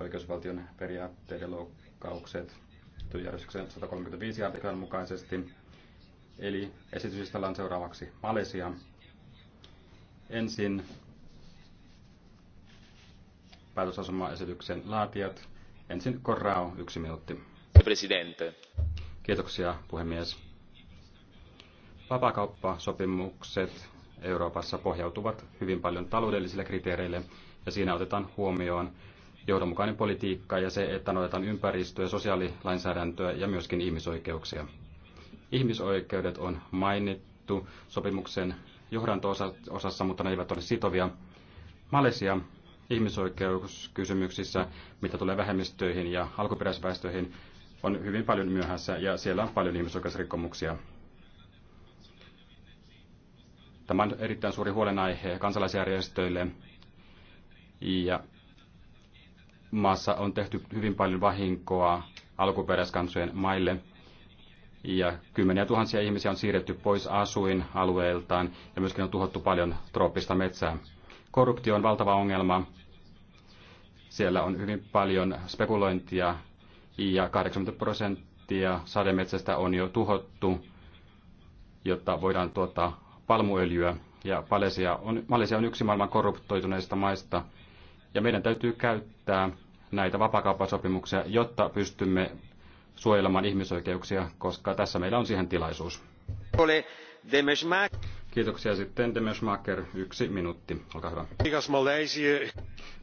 oikeusvaltion periaatteiden loukkaukset työjärjestyksen 135 artiklan mukaisesti. Eli esityslistalla on seuraavaksi Malesia. Ensin päätösasema esityksen laatijat. Ensin korrao yksi minuutti. Presidente. Kiitoksia, puhemies. Vapakauppasopimukset Euroopassa pohjautuvat hyvin paljon taloudellisille kriteereille ja siinä otetaan huomioon johdonmukainen politiikka ja se, että noudatetaan ympäristöä, sosiaalilainsäädäntöä ja myöskin ihmisoikeuksia. Ihmisoikeudet on mainittu sopimuksen johdanto-osassa, mutta ne eivät ole sitovia. Malesia ihmisoikeuskysymyksissä, mitä tulee vähemmistöihin ja alkuperäisväestöihin, on hyvin paljon myöhässä ja siellä on paljon ihmisoikeusrikkomuksia. Tämä on erittäin suuri huolenaihe kansalaisjärjestöille ja maassa on tehty hyvin paljon vahinkoa alkuperäiskansojen maille. Ja kymmeniä tuhansia ihmisiä on siirretty pois asuinalueeltaan ja myöskin on tuhottu paljon trooppista metsää. Korruptio on valtava ongelma. Siellä on hyvin paljon spekulointia ja 80 prosenttia sademetsästä on jo tuhottu, jotta voidaan tuottaa palmuöljyä. Ja Malesia on, Malesia on yksi maailman korruptoituneista maista ja meidän täytyy käyttää näitä vapakauppasopimuksia, jotta pystymme suojelemaan ihmisoikeuksia, koska tässä meillä on siihen tilaisuus. Kiitoksia sitten Demesmaker, yksi minuutti, olkaa hyvä.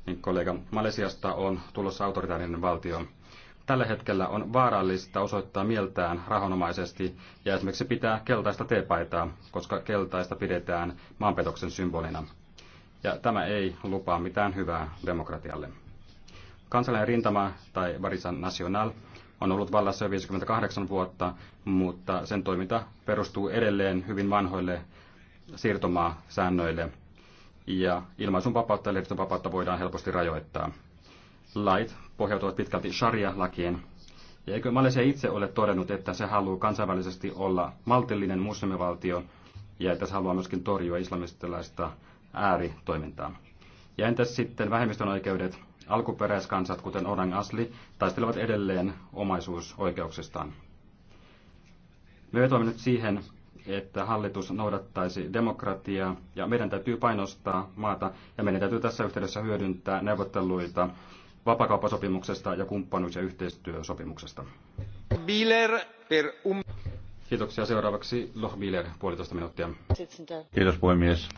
Niin, kollega, Malesiasta on tulossa autoritaarinen valtio. Tällä hetkellä on vaarallista osoittaa mieltään rahonomaisesti ja esimerkiksi pitää keltaista teepaitaa, koska keltaista pidetään maanpetoksen symbolina. Ja tämä ei lupaa mitään hyvää demokratialle. Kansallinen rintama tai Barisan National on ollut vallassa jo 58 vuotta, mutta sen toiminta perustuu edelleen hyvin vanhoille siirtomaasäännöille. Ja ilmaisun vapautta ja lehdistön vapautta voidaan helposti rajoittaa. Lait pohjautuvat pitkälti sharia-lakien. Ja eikö Malesia itse ole todennut, että se haluaa kansainvälisesti olla maltillinen muslimivaltio ja että se haluaa myöskin torjua islamistilaista ääritoimintaa? Ja entäs sitten vähemmistön oikeudet? Alkuperäiskansat, kuten Orang Asli, taistelevat edelleen omaisuusoikeuksistaan. Me vetoamme nyt siihen, että hallitus noudattaisi demokratiaa ja meidän täytyy painostaa maata ja meidän täytyy tässä yhteydessä hyödyntää neuvotteluita vapakauppasopimuksesta ja kumppanuus- ja yhteistyösopimuksesta. Biller per um... Kiitoksia. Seuraavaksi Loh Biller, puolitoista minuuttia. Kiitos puhemies.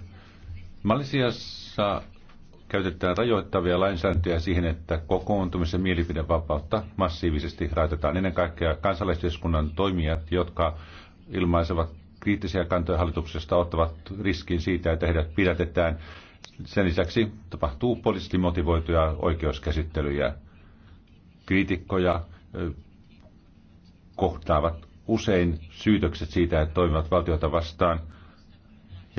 Malisiassa käytetään rajoittavia lainsäädäntöjä siihen, että kokoontumisen mielipidevapautta massiivisesti rajoitetaan. Ennen kaikkea kansalaisyhteiskunnan toimijat, jotka ilmaisevat kriittisiä kantoja hallituksesta, ottavat riskin siitä, että heidät pidätetään. Sen lisäksi tapahtuu poliittisesti motivoituja oikeuskäsittelyjä. Kriitikkoja kohtaavat usein syytökset siitä, että toimivat valtiota vastaan –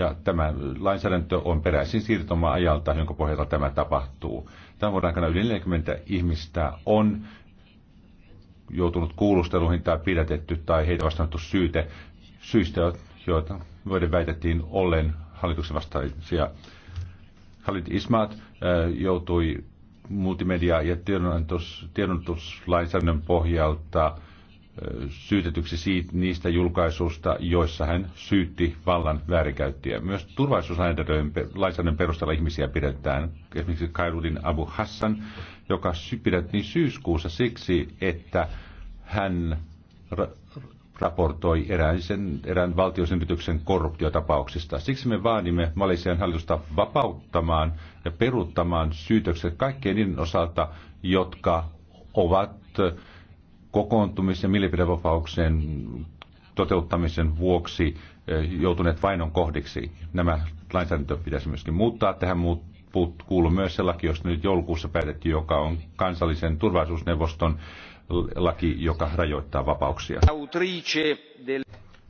ja tämä lainsäädäntö on peräisin siirtomaajalta, jonka pohjalta tämä tapahtuu. Tämän vuoden aikana yli 40 ihmistä on joutunut kuulusteluihin tai pidätetty tai heitä vastannettu syyte syistä, joita voiden väitettiin ollen hallituksen vastaisia. Khalid Ismaat äh, joutui multimedia- ja tiedonantos, tiedonantoslainsäädännön pohjalta syytetyksi siitä, niistä julkaisuista, joissa hän syytti vallan väärinkäyttöä. Myös turvallisuuslainsäädännön perusteella ihmisiä pidetään, esimerkiksi Kairudin Abu Hassan, joka pidettiin syyskuussa siksi, että hän ra- raportoi erään, sen, erään valtiosynnytyksen korruptiotapauksista. Siksi me vaadimme Malisian hallitusta vapauttamaan ja peruuttamaan syytökset kaikkien niiden osalta, jotka ovat kokoontumis- ja mielipidevapauksien toteuttamisen vuoksi eh, joutuneet vainon kohdiksi. Nämä lainsäädäntö pitäisi myöskin muuttaa. Tähän muut, kuuluu myös se laki, josta nyt joulukuussa päätettiin, joka on kansallisen turvallisuusneuvoston laki, joka rajoittaa vapauksia.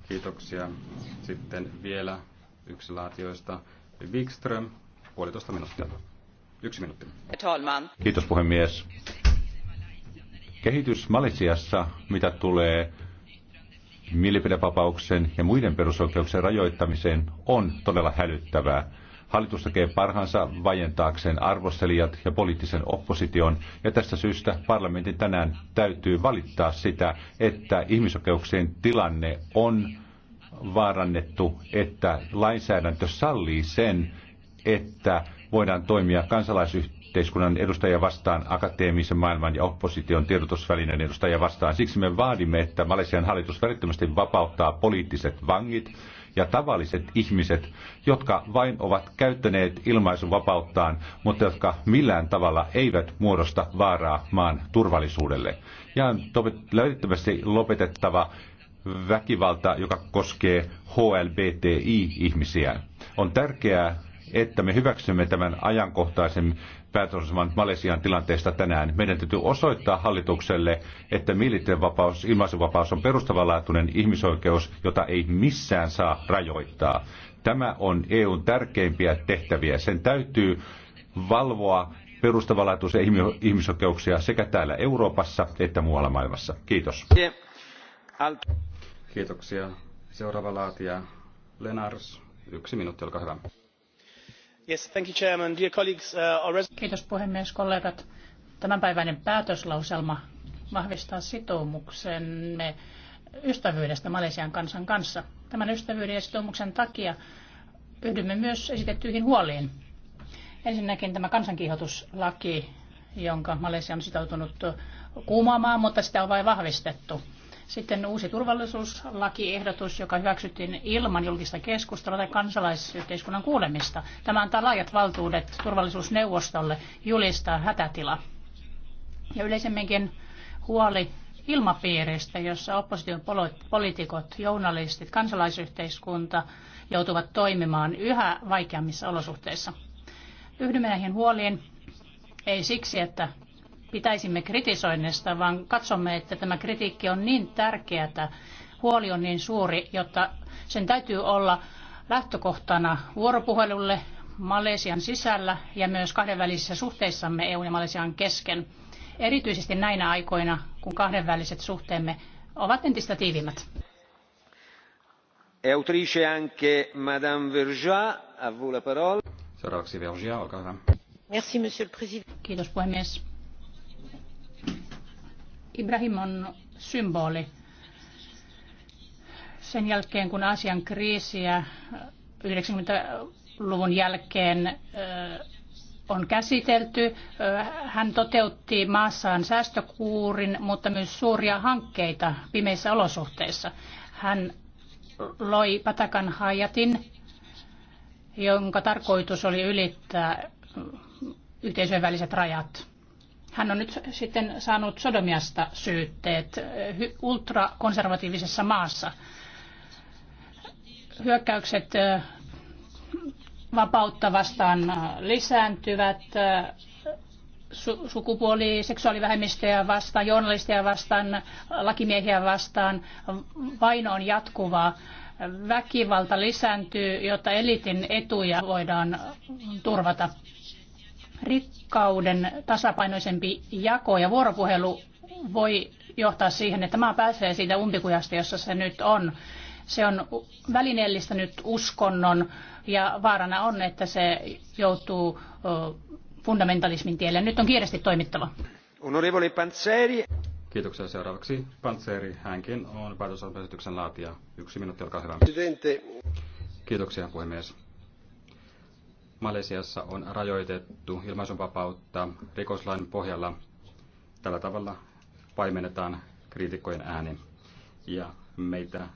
Kiitoksia. Sitten vielä yksi laatioista. Wikström, puolitoista minuuttia. Yksi minuutti. Kiitos puhemies. Kehitys Malesiassa, mitä tulee mielipidevapauksen ja muiden perusoikeuksien rajoittamiseen, on todella hälyttävää. Hallitus tekee parhaansa vajentaakseen arvostelijat ja poliittisen opposition, ja tästä syystä parlamentin tänään täytyy valittaa sitä, että ihmisoikeuksien tilanne on vaarannettu, että lainsäädäntö sallii sen, että voidaan toimia kansalaisyhteiskunnan edustajia vastaan, akateemisen maailman ja opposition tiedotusvälineen edustajia vastaan. Siksi me vaadimme, että Malesian hallitus välittömästi vapauttaa poliittiset vangit ja tavalliset ihmiset, jotka vain ovat käyttäneet vapauttaan, mutta jotka millään tavalla eivät muodosta vaaraa maan turvallisuudelle. Ja on löydettävästi lopetettava väkivalta, joka koskee HLBTI-ihmisiä. On tärkeää, että me hyväksymme tämän ajankohtaisen päätösaseman Malesian tilanteesta tänään. Meidän täytyy osoittaa hallitukselle, että mielipiteenvapaus, ilmaisuvapaus on perustavanlaatuinen ihmisoikeus, jota ei missään saa rajoittaa. Tämä on EUn tärkeimpiä tehtäviä. Sen täytyy valvoa perustavanlaatuisia ihmisoikeuksia sekä täällä Euroopassa että muualla maailmassa. Kiitos. Kiitoksia. Seuraava laatija Lenars, yksi minuutti, olkaa hyvä. Uh, Kiitos puhemies, kollegat. Tämänpäiväinen päätöslauselma vahvistaa sitoumuksemme ystävyydestä Malesian kansan kanssa. Tämän ystävyyden ja sitoumuksen takia yhdymme myös esitettyihin huoliin. Ensinnäkin tämä kansankiihotuslaki, jonka Malesia on sitoutunut kuumaamaan, mutta sitä on vain vahvistettu. Sitten uusi turvallisuuslakiehdotus, joka hyväksyttiin ilman julkista keskustelua tai kansalaisyhteiskunnan kuulemista. Tämä antaa laajat valtuudet turvallisuusneuvostolle julistaa hätätila. Ja yleisemminkin huoli ilmapiiristä, jossa opposition poliitikot, journalistit, kansalaisyhteiskunta joutuvat toimimaan yhä vaikeammissa olosuhteissa. Yhdymme näihin huoliin ei siksi, että pitäisimme kritisoinnista, vaan katsomme, että tämä kritiikki on niin tärkeätä, huoli on niin suuri, jotta sen täytyy olla lähtökohtana vuoropuhelulle Malesian sisällä ja myös kahdenvälisissä suhteissamme EU ja Malesian kesken. Erityisesti näinä aikoina, kun kahdenväliset suhteemme ovat entistä tiivimmät. E autrice anche Madame a vous la parole. Seuraavaksi olkaa hyvä. Merci, Monsieur le Président. Kiitos puhemies. Ibrahim on symboli. Sen jälkeen, kun Aasian kriisiä 90-luvun jälkeen on käsitelty. Hän toteutti maassaan säästökuurin, mutta myös suuria hankkeita pimeissä olosuhteissa. Hän loi Patakan hajatin, jonka tarkoitus oli ylittää yhteisöjen väliset rajat. Hän on nyt sitten saanut sodomiasta syytteet eh, ultrakonservatiivisessa maassa. Hyökkäykset eh, vapautta vastaan eh, lisääntyvät, su- sukupuoli, seksuaalivähemmistöjä vastaan, journalisteja vastaan, lakimiehiä vastaan. Vaino on jatkuvaa. Väkivalta lisääntyy, jotta elitin etuja voidaan turvata rikkauden tasapainoisempi jako ja vuoropuhelu voi johtaa siihen, että maa pääsee siitä umpikujasta, jossa se nyt on. Se on välineellistänyt uskonnon ja vaarana on, että se joutuu fundamentalismin tielle. Nyt on kiireesti toimittava. Onorevole Panzeri. Kiitoksia. Seuraavaksi Panzeri. Hänkin on päätösopetuksen laatija. Yksi minuutti, olkaa hyvä. Presidente. Kiitoksia, puhemies. Malesiassa on rajoitettu ilmaisunvapautta rikoslain pohjalla. Tällä tavalla paimennetaan kriitikkojen ääni. Ja meitä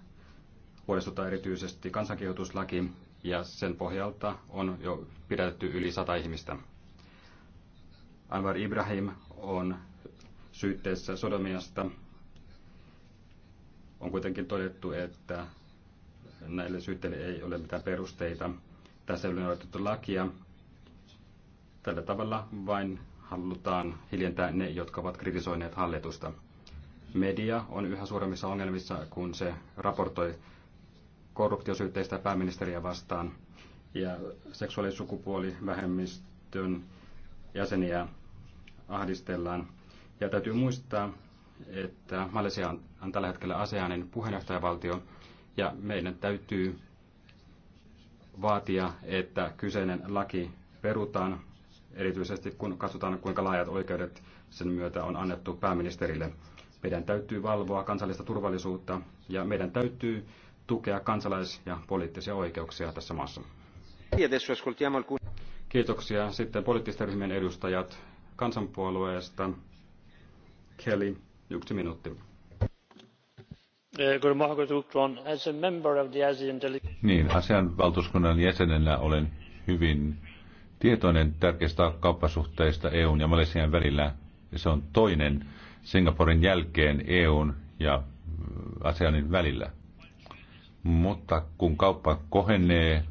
huolestuttaa erityisesti kansankirjoituslaki, ja sen pohjalta on jo pidätetty yli sata ihmistä. Anwar Ibrahim on syytteessä sodomiasta. On kuitenkin todettu, että näille syytteille ei ole mitään perusteita. Tässä ei ole lakia. Tällä tavalla vain halutaan hiljentää ne, jotka ovat kritisoineet hallitusta. Media on yhä suuremmissa ongelmissa, kun se raportoi korruptiosyytteistä pääministeriä vastaan ja seksuaalisukupuolivähemmistön jäseniä ahdistellaan. Ja täytyy muistaa, että Malesia on tällä hetkellä ASEANin puheenjohtajavaltio ja meidän täytyy vaatia, että kyseinen laki perutaan, erityisesti kun katsotaan, kuinka laajat oikeudet sen myötä on annettu pääministerille. Meidän täytyy valvoa kansallista turvallisuutta ja meidän täytyy tukea kansalais- ja poliittisia oikeuksia tässä maassa. Kiitoksia. Sitten poliittisten ryhmien edustajat kansanpuolueesta. Kelly, yksi minuutti. Eh, niin, ASEAN valtuuskunnan jäsenenä olen hyvin tietoinen tärkeistä kauppasuhteista EUn ja Malesian välillä. Se on toinen Singaporen jälkeen EUn ja äh, ASEANin välillä. Mutta kun kauppa kohenee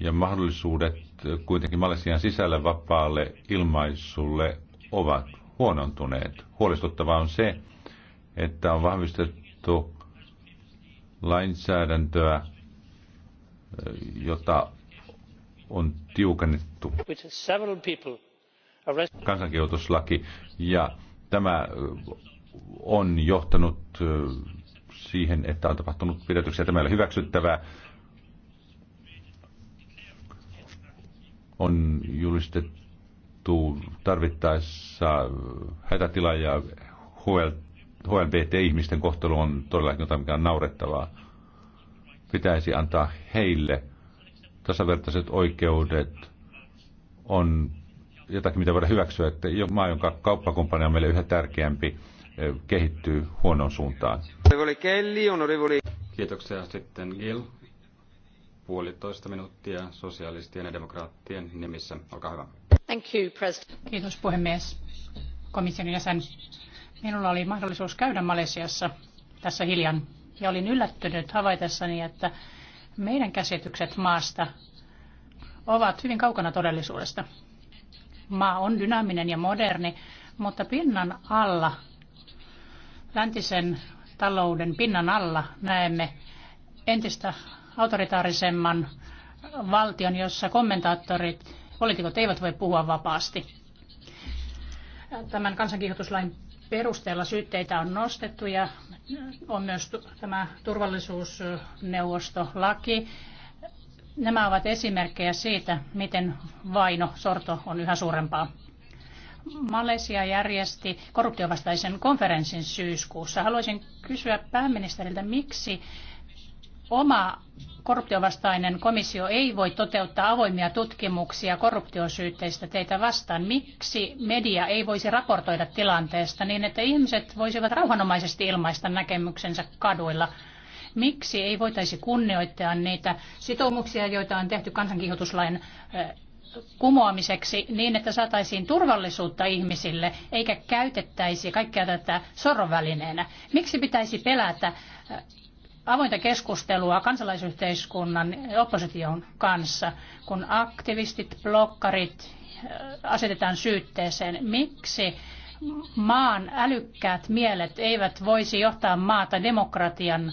ja mahdollisuudet äh, kuitenkin Malesian sisällä vapaalle ilmaisulle ovat huonontuneet. Huolestuttavaa on se, että on vahvistettu muutettu lainsäädäntöä, jota on tiukennettu. Kansankirjoituslaki. Ja tämä on johtanut siihen, että on tapahtunut pidätyksiä. Tämä ei ole hyväksyttävää. On julistettu tarvittaessa hätätila ja huelta. HLBT-ihmisten kohtelu on todellakin jotain, mikä on naurettavaa. Pitäisi antaa heille tasavertaiset oikeudet. On jotakin, mitä voidaan hyväksyä, että maa, jonka kauppakumppani on meille yhä tärkeämpi, kehittyy huonoon suuntaan. Kiitoksia sitten Gil. Puolitoista minuuttia sosialistien ja demokraattien nimissä. Olkaa hyvä. Thank you, President. Kiitos puhemies. Komission jäsen Minulla oli mahdollisuus käydä Malesiassa tässä hiljan ja olin yllättynyt havaitessani, että meidän käsitykset maasta ovat hyvin kaukana todellisuudesta. Maa on dynaaminen ja moderni, mutta pinnan alla, läntisen talouden pinnan alla näemme entistä autoritaarisemman valtion, jossa kommentaattorit, poliitikot eivät voi puhua vapaasti. Tämän kansankiihotuslain perusteella syytteitä on nostettu ja on myös tämä turvallisuusneuvostolaki. Nämä ovat esimerkkejä siitä, miten vaino, sorto on yhä suurempaa. Malesia järjesti korruptiovastaisen konferenssin syyskuussa. Haluaisin kysyä pääministeriltä, miksi oma korruptiovastainen komissio ei voi toteuttaa avoimia tutkimuksia korruptiosyytteistä teitä vastaan. Miksi media ei voisi raportoida tilanteesta niin, että ihmiset voisivat rauhanomaisesti ilmaista näkemyksensä kaduilla? Miksi ei voitaisi kunnioittaa niitä sitoumuksia, joita on tehty kansankihotuslain kumoamiseksi niin, että saataisiin turvallisuutta ihmisille, eikä käytettäisi kaikkea tätä sorrovälineenä. Miksi pitäisi pelätä avointa keskustelua kansalaisyhteiskunnan ja opposition kanssa, kun aktivistit, blokkarit äh, asetetaan syytteeseen. Miksi maan älykkäät mielet eivät voisi johtaa maata demokratian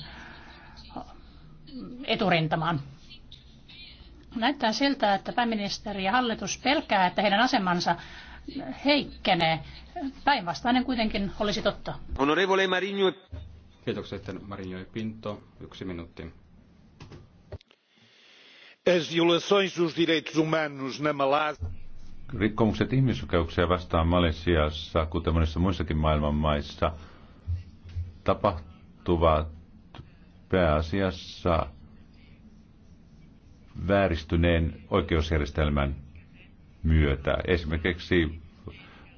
eturintamaan? Näyttää siltä, että pääministeri ja hallitus pelkää, että heidän asemansa heikkenee. Päinvastainen kuitenkin olisi totta. Honorevole Marinho. Kiitoksia sitten Marinjoi Pinto, yksi minuutti. As violações dos direitos humanos na Malásia rikkomukset ihmisoikeuksia vastaan Malesiassa, kuten monissa muissakin maailman maissa, tapahtuvat pääasiassa vääristyneen oikeusjärjestelmän myötä. Esimerkiksi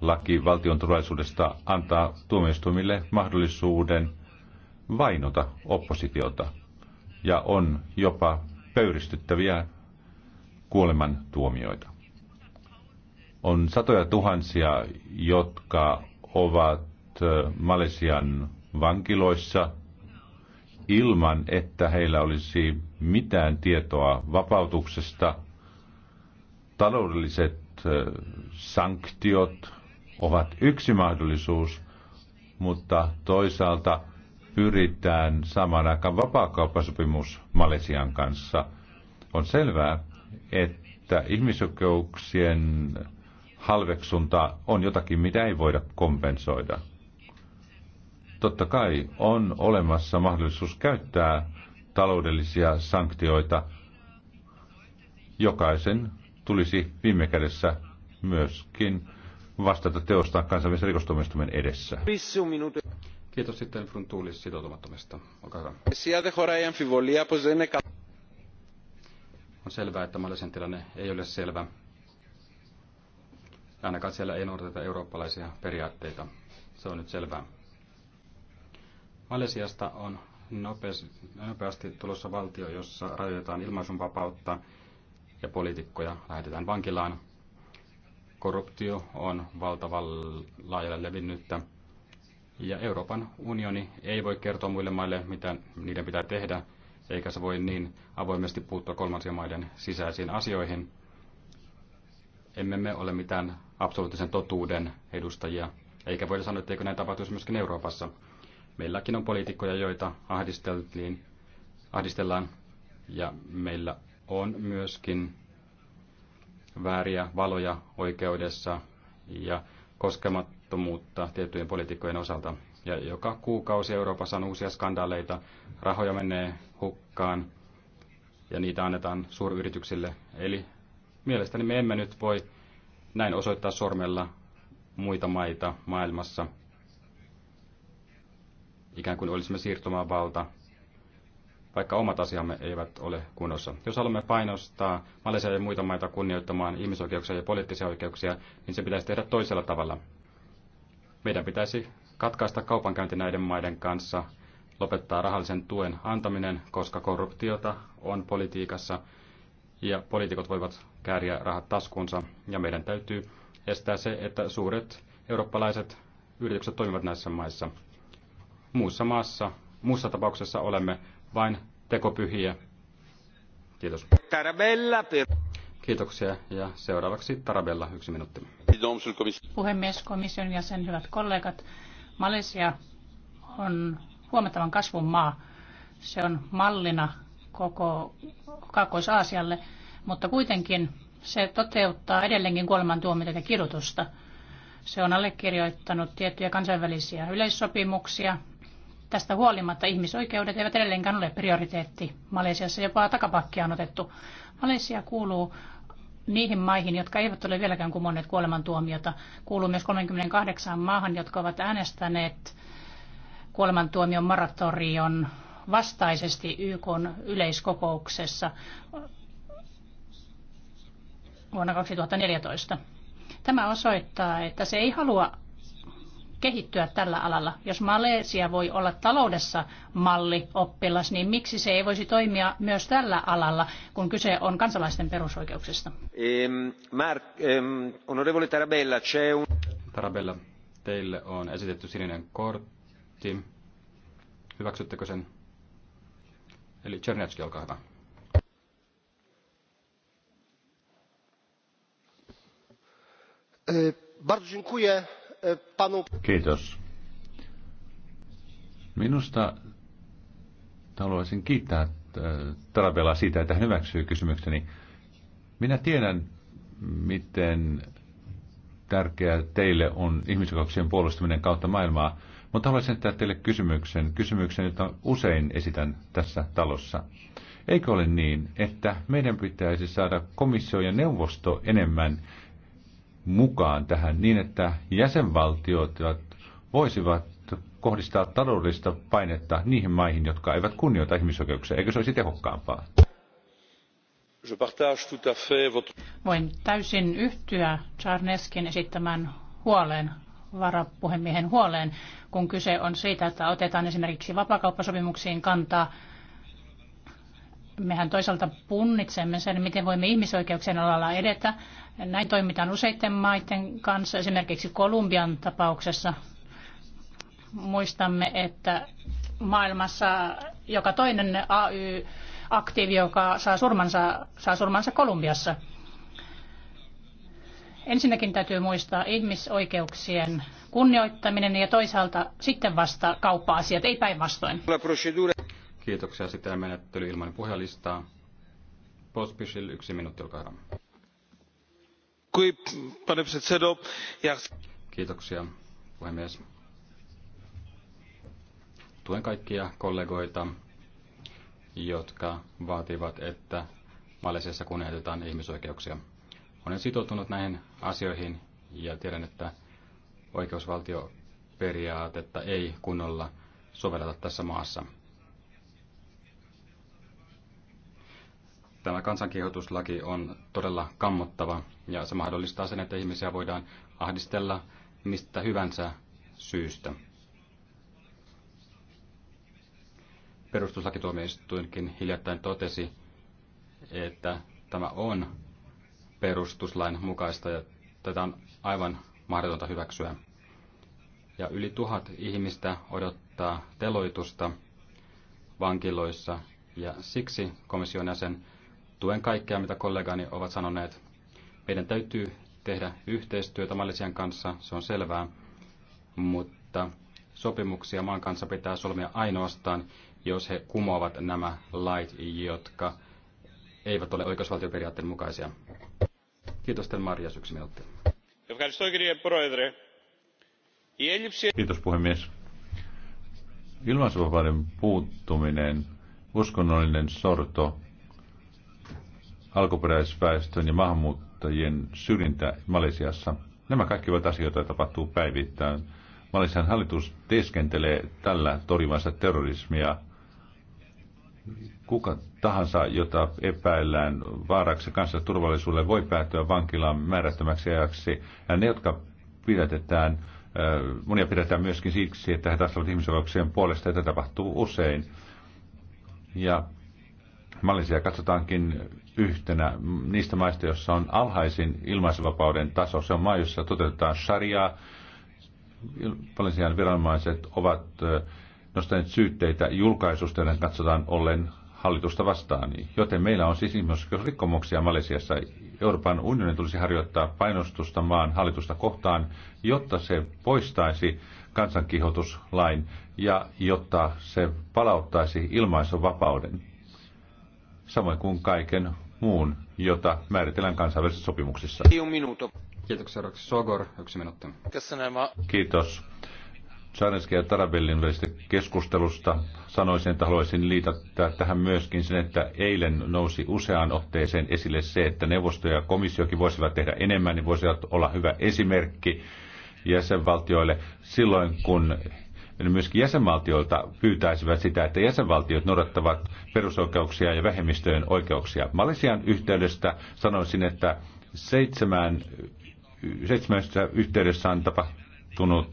laki valtion turvallisuudesta antaa tuomioistuimille mahdollisuuden vainota oppositiota ja on jopa pöyristyttäviä tuomioita. On satoja tuhansia, jotka ovat Malesian vankiloissa ilman, että heillä olisi mitään tietoa vapautuksesta. Taloudelliset sanktiot ovat yksi mahdollisuus, mutta toisaalta pyritään saamaan aikaan vapaakauppasopimus Malesian kanssa. On selvää, että ihmisoikeuksien halveksunta on jotakin, mitä ei voida kompensoida. Totta kai on olemassa mahdollisuus käyttää taloudellisia sanktioita. Jokaisen tulisi viime kädessä myöskin vastata teostaan kansainvälisen rikostuomioistuimen edessä. Kiitos sitten Fruntuulis sitoutumattomista. On selvää, että Malesian tilanne ei ole selvä. Ainakaan siellä ei noudateta eurooppalaisia periaatteita. Se on nyt selvää. Malesiasta on nopeasti tulossa valtio, jossa rajoitetaan ilmaisunvapautta ja poliitikkoja lähetetään vankilaan. Korruptio on valtavan laajalle levinnyttä ja Euroopan unioni ei voi kertoa muille maille, mitä niiden pitää tehdä, eikä se voi niin avoimesti puuttua kolmansien maiden sisäisiin asioihin. Emme me ole mitään absoluuttisen totuuden edustajia, eikä voida sanoa, etteikö näin tapahtuisi myöskin Euroopassa. Meilläkin on poliitikkoja, joita ahdisteltiin, ahdistellaan, ja meillä on myöskin vääriä valoja oikeudessa ja koskemat, vastuuttomuutta tiettyjen poliitikkojen osalta. Ja joka kuukausi Euroopassa on uusia skandaaleita, rahoja menee hukkaan ja niitä annetaan suuryrityksille. Eli mielestäni me emme nyt voi näin osoittaa sormella muita maita maailmassa, ikään kuin olisimme valta, vaikka omat asiamme eivät ole kunnossa. Jos haluamme painostaa Malesia ja muita maita kunnioittamaan ihmisoikeuksia ja poliittisia oikeuksia, niin se pitäisi tehdä toisella tavalla. Meidän pitäisi katkaista kaupankäynti näiden maiden kanssa, lopettaa rahallisen tuen antaminen, koska korruptiota on politiikassa ja poliitikot voivat kääriä rahat taskuunsa ja meidän täytyy estää se, että suuret eurooppalaiset yritykset toimivat näissä maissa. Muussa maassa, muussa tapauksessa olemme vain tekopyhiä. Kiitos. Tarabella per... Kiitoksia ja seuraavaksi Tarabella yksi minuutti. Puhemies, komission jäsen, hyvät kollegat. Malesia on huomattavan kasvun maa. Se on mallina koko Kaakkois-Aasialle, mutta kuitenkin se toteuttaa edelleenkin kuolemantuomioita ja kidutusta. Se on allekirjoittanut tiettyjä kansainvälisiä yleissopimuksia, Tästä huolimatta ihmisoikeudet eivät edelleenkään ole prioriteetti. Malesiassa jopa takapakkia on otettu. Malesia kuuluu niihin maihin, jotka eivät ole vieläkään kumonneet kuolemantuomiota. Kuuluu myös 38 maahan, jotka ovat äänestäneet kuolemantuomion maratorion vastaisesti YK yleiskokouksessa vuonna 2014. Tämä osoittaa, että se ei halua kehittyä tällä alalla. Jos Malesia voi olla taloudessa mallioppilas, niin miksi se ei voisi toimia myös tällä alalla, kun kyse on kansalaisten perusoikeuksista? Ehm, Mark, ehm, onorevole Tarabella, c'è un... Tarabella, teille on esitetty sininen kortti. Hyväksyttekö sen? Eli Czernetski, olkaa hyvä. Ehm, bardzo dziękuję E, panu... Kiitos. Minusta haluaisin kiittää e, Tarabella siitä, että hän hyväksyy kysymykseni. Minä tiedän, miten tärkeää teille on ihmisoikeuksien puolustaminen kautta maailmaa, mutta haluaisin esittää teille kysymyksen, kysymyksen, jota usein esitän tässä talossa. Eikö ole niin, että meidän pitäisi saada komissio ja neuvosto enemmän mukaan tähän niin, että jäsenvaltiot voisivat kohdistaa taloudellista painetta niihin maihin, jotka eivät kunnioita ihmisoikeuksia. Eikö se olisi tehokkaampaa? Voin täysin yhtyä Charneskin esittämään huoleen, varapuhemiehen huoleen, kun kyse on siitä, että otetaan esimerkiksi vapakauppasopimuksiin kantaa mehän toisaalta punnitsemme sen, miten voimme ihmisoikeuksien alalla edetä. Näin toimitaan useiden maiden kanssa, esimerkiksi Kolumbian tapauksessa. Muistamme, että maailmassa joka toinen AY-aktiivi, joka saa surmansa, saa surmansa Kolumbiassa. Ensinnäkin täytyy muistaa ihmisoikeuksien kunnioittaminen ja toisaalta sitten vasta kauppa-asiat, ei päinvastoin. Kiitoksia. Sitten menettely ilman puhelistaa. Pospisil, yksi minuutti, olkaa hyvä. Kiitoksia, puhemies. Tuen kaikkia kollegoita, jotka vaativat, että Malesiassa kunnioitetaan ihmisoikeuksia. Olen sitoutunut näihin asioihin ja tiedän, että oikeusvaltioperiaatetta ei kunnolla sovelleta tässä maassa – Tämä kansankiihotuslaki on todella kammottava ja se mahdollistaa sen, että ihmisiä voidaan ahdistella mistä hyvänsä syystä. Perustuslakituomioistuinkin hiljattain totesi, että tämä on perustuslain mukaista ja tätä on aivan mahdotonta hyväksyä. Ja yli tuhat ihmistä odottaa teloitusta vankiloissa ja siksi komission jäsen tuen kaikkea, mitä kollegani ovat sanoneet. Meidän täytyy tehdä yhteistyötä Malesian kanssa, se on selvää, mutta sopimuksia maan kanssa pitää solmia ainoastaan, jos he kumoavat nämä lait, jotka eivät ole oikeusvaltioperiaatteen mukaisia. Kiitos, Tel Marjas, yksi minuutti. Kiitos, puhemies. Ilmaisuvapauden puuttuminen, uskonnollinen sorto alkuperäisväestön ja maahanmuuttajien syrjintä Malesiassa. Nämä kaikki ovat asioita, joita tapahtuu päivittäin. Malesian hallitus teeskentelee tällä torjumassa terrorismia. Kuka tahansa, jota epäillään vaaraksi turvallisuudelle, voi päätyä vankilaan määrättömäksi ajaksi. Ja ne, jotka pidätetään, monia pidetään myöskin siksi, että he taistelevat ihmisoikeuksien puolesta, että tapahtuu usein. Ja Malisia katsotaankin yhtenä niistä maista, jossa on alhaisin ilmaisuvapauden taso. Se on maa, jossa toteutetaan sarjaa. Malisian viranomaiset ovat nostaneet syytteitä julkaisusta, joiden katsotaan ollen hallitusta vastaan. Joten meillä on siis ihmisoikeusrikkomuksia Malesiassa. Euroopan unionin tulisi harjoittaa painostusta maan hallitusta kohtaan, jotta se poistaisi kansankihotuslain ja jotta se palauttaisi ilmaisuvapauden samoin kuin kaiken muun, jota määritellään kansainvälisissä sopimuksissa. Kiitoksia, seuraavaksi Sogor, yksi minuutti. Kiitos. Sarenski ja Tarabellin välistä keskustelusta sanoisin, että haluaisin liitata tähän myöskin sen, että eilen nousi useaan otteeseen esille se, että neuvosto ja komissiokin voisivat tehdä enemmän, niin voisivat olla hyvä esimerkki jäsenvaltioille silloin, kun niin myöskin jäsenvaltioilta pyytäisivät sitä, että jäsenvaltiot noudattavat perusoikeuksia ja vähemmistöjen oikeuksia. Malesian yhteydestä sanoisin, että seitsemän, seitsemässä yhteydessä on tapahtunut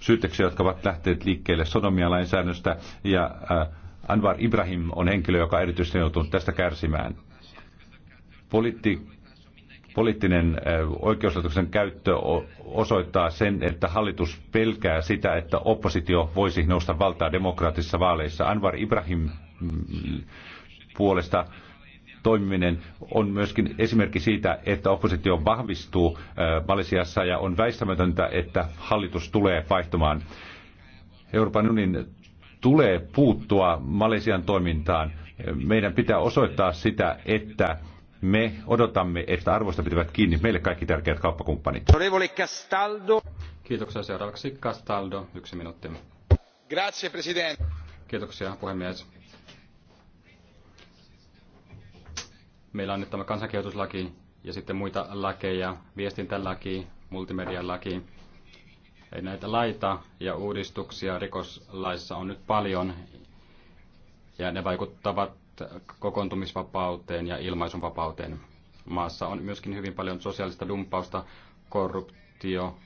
syytöksiä, jotka ovat lähteet liikkeelle sodomia lainsäädännöstä ja Anwar Ibrahim on henkilö, joka erityisesti on joutunut tästä kärsimään. Politiikka poliittinen oikeuslaitoksen käyttö osoittaa sen, että hallitus pelkää sitä, että oppositio voisi nousta valtaa demokraattisissa vaaleissa. Anwar Ibrahim mm, puolesta toimiminen on myöskin esimerkki siitä, että oppositio vahvistuu Malesiassa ja on väistämätöntä, että hallitus tulee vaihtumaan. Euroopan unionin tulee puuttua Malesian toimintaan. Meidän pitää osoittaa sitä, että me odotamme, että arvosta pitävät kiinni meille kaikki tärkeät kauppakumppanit. Castaldo. Kiitoksia. Seuraavaksi Castaldo, yksi minuutti. Grazie, president. Kiitoksia, puhemies. Meillä on nyt tämä kansankehityslaki ja sitten muita lakeja, viestintälaki, multimedialaki. Ei näitä laita ja uudistuksia rikoslaissa on nyt paljon ja ne vaikuttavat kokoontumisvapauteen ja ilmaisunvapauteen. Maassa on myöskin hyvin paljon sosiaalista dumpausta, korruptio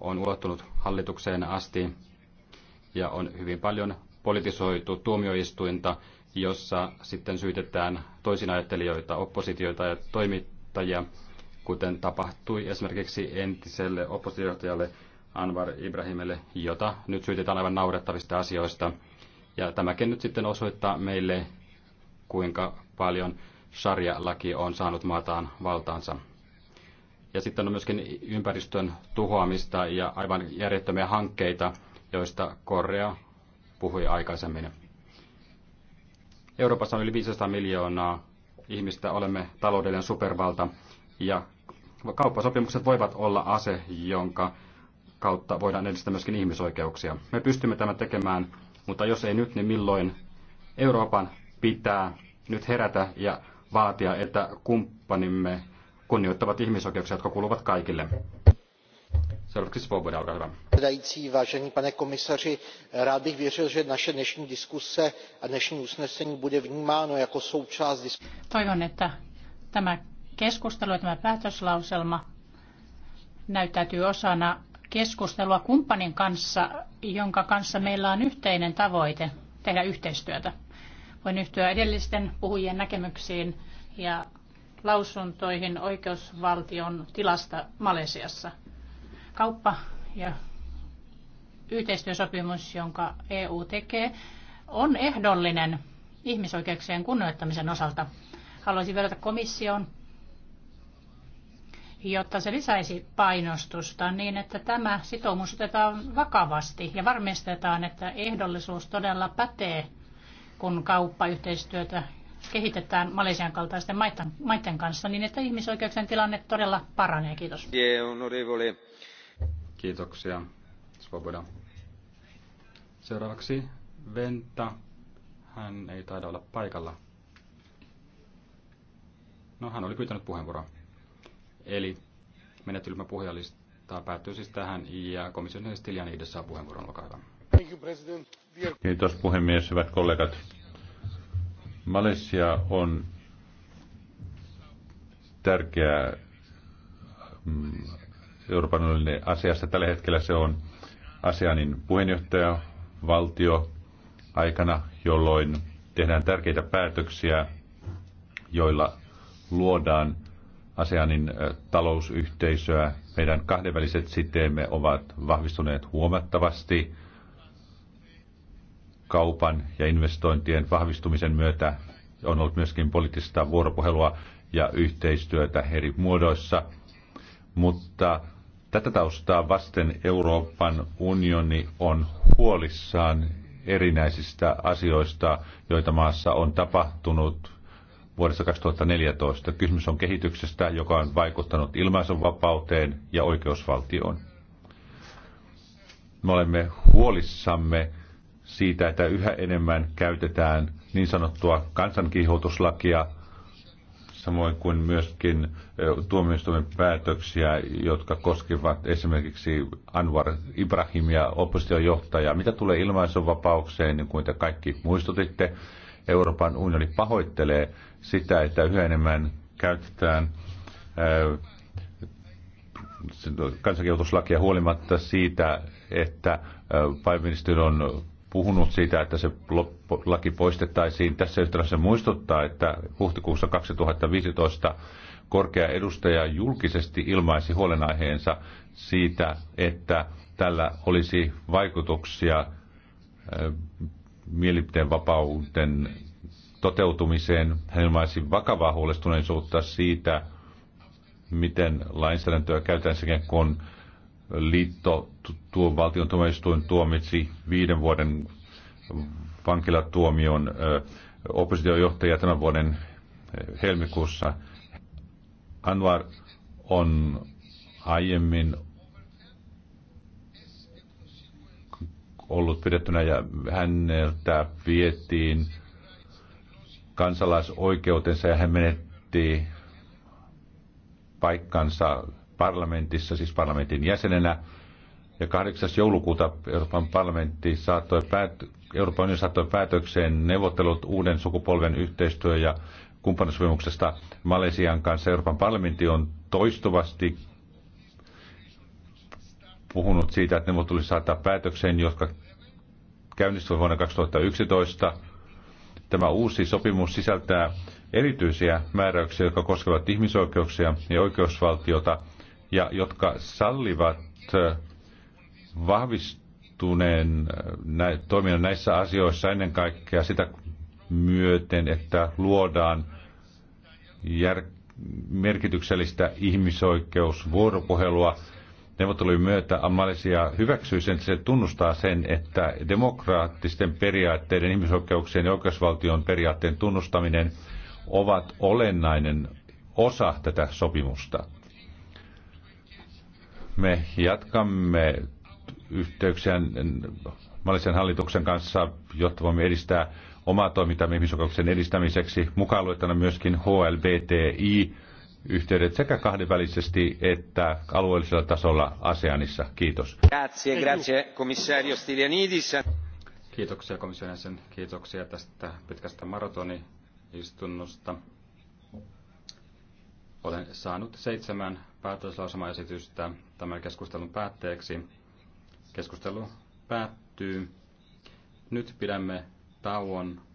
on ulottunut hallitukseen asti ja on hyvin paljon politisoitu tuomioistuinta, jossa sitten syytetään toisinajattelijoita, oppositioita ja toimittajia, kuten tapahtui esimerkiksi entiselle oppositiojohtajalle Anwar Ibrahimelle, jota nyt syytetään aivan naurettavista asioista. Ja tämäkin nyt sitten osoittaa meille, kuinka paljon sarjalaki on saanut maataan valtaansa. Ja sitten on myöskin ympäristön tuhoamista ja aivan järjettömiä hankkeita, joista Korea puhui aikaisemmin. Euroopassa on yli 500 miljoonaa ihmistä, olemme taloudellinen supervalta ja kauppasopimukset voivat olla ase, jonka kautta voidaan edistää myöskin ihmisoikeuksia. Me pystymme tämän tekemään, mutta jos ei nyt, niin milloin Euroopan pitää nyt herätä ja vaatia, että kumppanimme kunnioittavat ihmisoikeuksia, jotka kuuluvat kaikille. Seuraavaksi Svoboda, olkaa hyvä. Předající, vážený pane komisaři, rád bych věřil, že naše dnešní diskuse a dnešní usnesení bude vnímáno jako součást diskuse. Toivon, että tämä keskustelu ja tämä päätöslauselma näyttäytyy osana keskustelua kumppanin kanssa, jonka kanssa meillä on yhteinen tavoite tehdä yhteistyötä. Voin yhtyä edellisten puhujien näkemyksiin ja lausuntoihin oikeusvaltion tilasta Malesiassa. Kauppa ja yhteistyösopimus, jonka EU tekee, on ehdollinen ihmisoikeuksien kunnioittamisen osalta. Haluaisin vedota komissioon, jotta se lisäisi painostusta niin, että tämä sitoumus otetaan vakavasti ja varmistetaan, että ehdollisuus todella pätee kun kauppayhteistyötä kehitetään Malesian kaltaisten maiden, maiden kanssa, niin että ihmisoikeuksien tilanne todella paranee. Kiitos. Kiitoksia. Svoboda. Seuraavaksi Venta. Hän ei taida olla paikalla. No, hän oli pyytänyt puheenvuoroa. Eli menetelmä puhujalistaa päättyy siis tähän ja komission Stiljani saa puheenvuoron. Olkaa hyvä. Thank you, President. Kiitos niin, puhemies, hyvät kollegat. Malesia on tärkeä mm, Euroopan unionin asiassa. Tällä hetkellä se on ASEANin puheenjohtaja valtio aikana, jolloin tehdään tärkeitä päätöksiä, joilla luodaan ASEANin talousyhteisöä. Meidän kahdenväliset siteemme ovat vahvistuneet huomattavasti kaupan ja investointien vahvistumisen myötä on ollut myöskin poliittista vuoropuhelua ja yhteistyötä eri muodoissa. Mutta tätä taustaa vasten Euroopan unioni on huolissaan erinäisistä asioista, joita maassa on tapahtunut vuodesta 2014. Kysymys on kehityksestä, joka on vaikuttanut ilmaisunvapauteen ja oikeusvaltioon. Me olemme huolissamme siitä, että yhä enemmän käytetään niin sanottua kansankiihoituslakia, samoin kuin myöskin tuomioistuimen päätöksiä, jotka koskevat esimerkiksi Anwar Ibrahimia, oppositiojohtajaa. Mitä tulee ilmaisuvapaukseen, niin kuin te kaikki muistutitte, Euroopan unioni pahoittelee sitä, että yhä enemmän käytetään kansankiihoituslakia huolimatta siitä, että pääministeri on puhunut siitä, että se laki poistettaisiin. Tässä yhteydessä muistuttaa, että huhtikuussa 2015 korkea edustaja julkisesti ilmaisi huolenaiheensa siitä, että tällä olisi vaikutuksia mielipiteen vapauden toteutumiseen. Hän ilmaisi vakavaa huolestuneisuutta siitä, miten lainsäädäntöä käytetään sekä kun liitto tuo valtion tuomioistuin tuomitsi viiden vuoden vankilatuomion oppositiojohtaja tämän vuoden helmikuussa. Anwar on aiemmin ollut pidettynä ja häneltä vietiin kansalaisoikeutensa ja hän menetti paikkansa parlamentissa, siis parlamentin jäsenenä. Ja 8. joulukuuta Euroopan parlamentti saattoi, päät- Euroopan unioni saattoi päätökseen neuvottelut uuden sukupolven yhteistyö- ja kumppanuussopimuksesta Malesian kanssa. Euroopan parlamentti on toistuvasti puhunut siitä, että neuvottelut saattaa päätökseen, jotka käynnistyivät vuonna 2011. Tämä uusi sopimus sisältää erityisiä määräyksiä, jotka koskevat ihmisoikeuksia ja oikeusvaltiota, ja jotka sallivat vahvistuneen äh, toiminnan näissä asioissa ennen kaikkea sitä myöten, että luodaan jär, merkityksellistä ihmisoikeusvuoropuhelua. Neuvottelujen myötä Malaysia hyväksyi sen, se tunnustaa sen, että demokraattisten periaatteiden, ihmisoikeuksien ja oikeusvaltion periaatteen tunnustaminen ovat olennainen osa tätä sopimusta. Me jatkamme yhteyksiä Malesian hallituksen kanssa, jotta voimme edistää omaa toimintaa ihmisoikeuksien edistämiseksi, mukaan luettuna myöskin HLBTI, yhteydet sekä kahdenvälisesti että alueellisella tasolla ASEANissa. Kiitos. Grazie, grazie komissario Stylianidis. Kiitoksia komission jäsen. Kiitoksia tästä pitkästä maratoniistunnosta. Olen saanut seitsemän päätöslausumaesitystä tämän keskustelun päätteeksi. Keskustelu päättyy. Nyt pidämme tauon